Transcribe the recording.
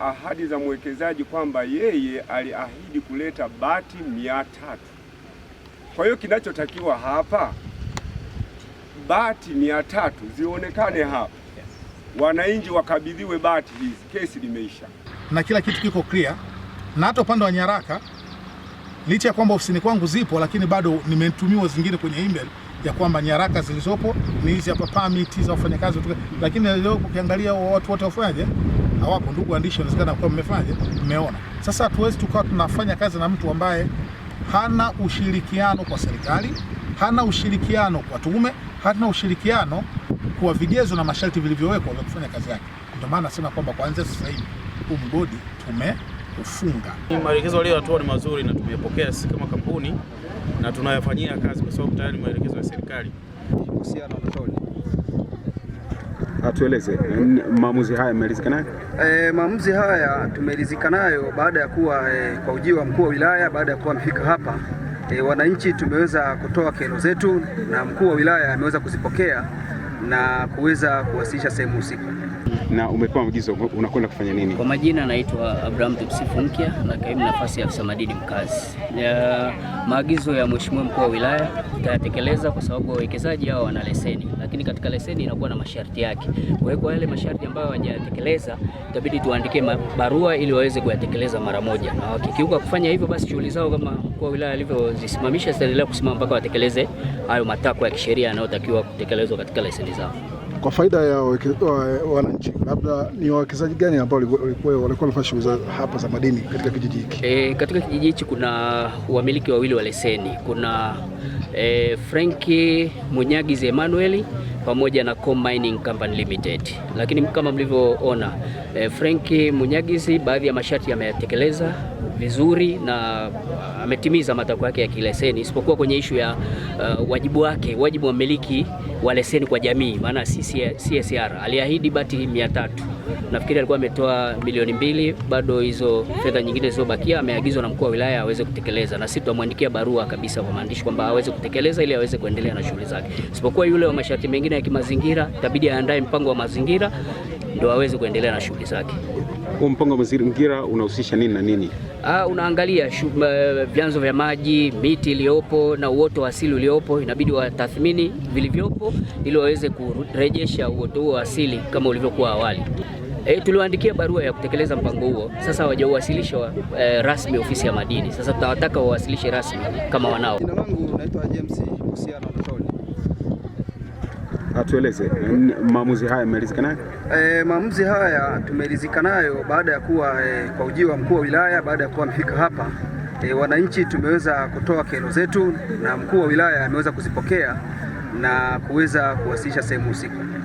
ahadi za mwekezaji kwamba yeye aliahidi kuleta bati mia tatu. Kwa hiyo kinachotakiwa hapa bati mia tatu zionekane hapa, wananchi wakabidhiwe bati hizi, kesi limeisha na kila kitu kiko clear, na hata upande wa nyaraka, licha ya kwamba ofisini kwangu zipo, lakini bado nimetumiwa zingine kwenye email ya kwamba nyaraka zilizopo ni hizi hapa, permit za wafanyakazi, lakini leo ukiangalia watu wote wafanyaje hawapo. Ndugu waandishi, inawezekana kwa mmefanya mmeona. Sasa hatuwezi tukawa tunafanya kazi na mtu ambaye hana ushirikiano kwa serikali, hana ushirikiano kwa tume, hana ushirikiano kwa vigezo na masharti vilivyowekwa vya kufanya kazi yake. Ndio maana nasema kwamba kuanzia sasa hivi huu mgodi tume kufunga. Maelekezo aliyoyatoa ni mazuri na tumepokea sisi kama kampuni na tunayafanyia kazi kwa sababu tayari maelekezo ya serikali kuhusiana na Atueleze maamuzi haya yamelizika nayo? E, maamuzi haya tumelizika nayo baada ya kuwa e, kwa ujio wa mkuu wa wilaya baada ya kuwa amefika hapa e, wananchi tumeweza kutoa kero zetu na mkuu wa wilaya ameweza kuzipokea na kuweza kuwasilisha sehemu husika. Na umepewa maagizo, unakwenda kufanya nini? Kwa majina naitwa Abraham Tumsifu Mkia na kaimu nafasi ya afisa madini mkazi. Maagizo ya mheshimiwa mkuu wa wilaya tutayatekeleza kwa sababu wawekezaji hao wana leseni, lakini katika leseni inakuwa na masharti yake. Kwa hiyo kwa yale masharti ambayo hawajayatekeleza, itabidi tuandike barua ili waweze kuyatekeleza mara moja, na wakikiuka kufanya hivyo, basi shughuli zao kama mkuu wa wilaya alivyozisimamisha zitaendelea kusimama mpaka watekeleze hayo matakwa ya kisheria yanayotakiwa kutekelezwa katika leseni zao kwa faida ya wananchi. Labda ni wawekezaji gani ambao walikuwa wanafanya shughuli hapa za madini katika kijiji hiki? E, katika kijiji hichi kuna wamiliki wawili wa leseni, kuna e, Frenki Munyagizi Emanueli pamoja na Com Mining Company Limited. Lakini kama mlivyoona, e, Frenki Munyagizi baadhi ya masharti yameyatekeleza vizuri na ametimiza matakwa yake ya kileseni, isipokuwa kwenye ishu ya uh, wajibu wake, wajibu wa mmiliki wa leseni kwa jamii, maana CSR aliahidi bati 300 nafikiri alikuwa ametoa milioni mbili, bado hizo fedha nyingine zilizobakia ameagizwa na mkuu wa wilaya aweze kutekeleza, na sisi tutamwandikia barua kabisa kwa maandishi kwamba aweze kutekeleza ili aweze kuendelea na shughuli zake, isipokuwa yule wa masharti mengine ya kimazingira itabidi aandae mpango wa mazingira ndio aweze kuendelea na shughuli zake. Huu mpango wa mazingira unahusisha nini na nini? Ah, unaangalia uh, vyanzo vya maji, miti iliyopo na uoto wa asili uliopo, inabidi watathmini vilivyopo ili waweze kurejesha uoto huo wa asili kama ulivyokuwa awali. E, tuliwaandikia barua ya kutekeleza mpango huo, sasa hawajauwasilisha wa, eh, e, rasmi ofisi ya madini. Sasa tutawataka wawasilishe rasmi kama wanao. Jina langu naitwa James Kusiana Mtoni atueleze maamuzi haya mmeridhika nayo? E, maamuzi haya tumeridhika nayo baada ya kuwa e, kwa ujio wa mkuu wa wilaya baada ya kuwa amefika hapa e, wananchi tumeweza kutoa kero zetu na mkuu wa wilaya ameweza kuzipokea na kuweza kuwasilisha sehemu husika.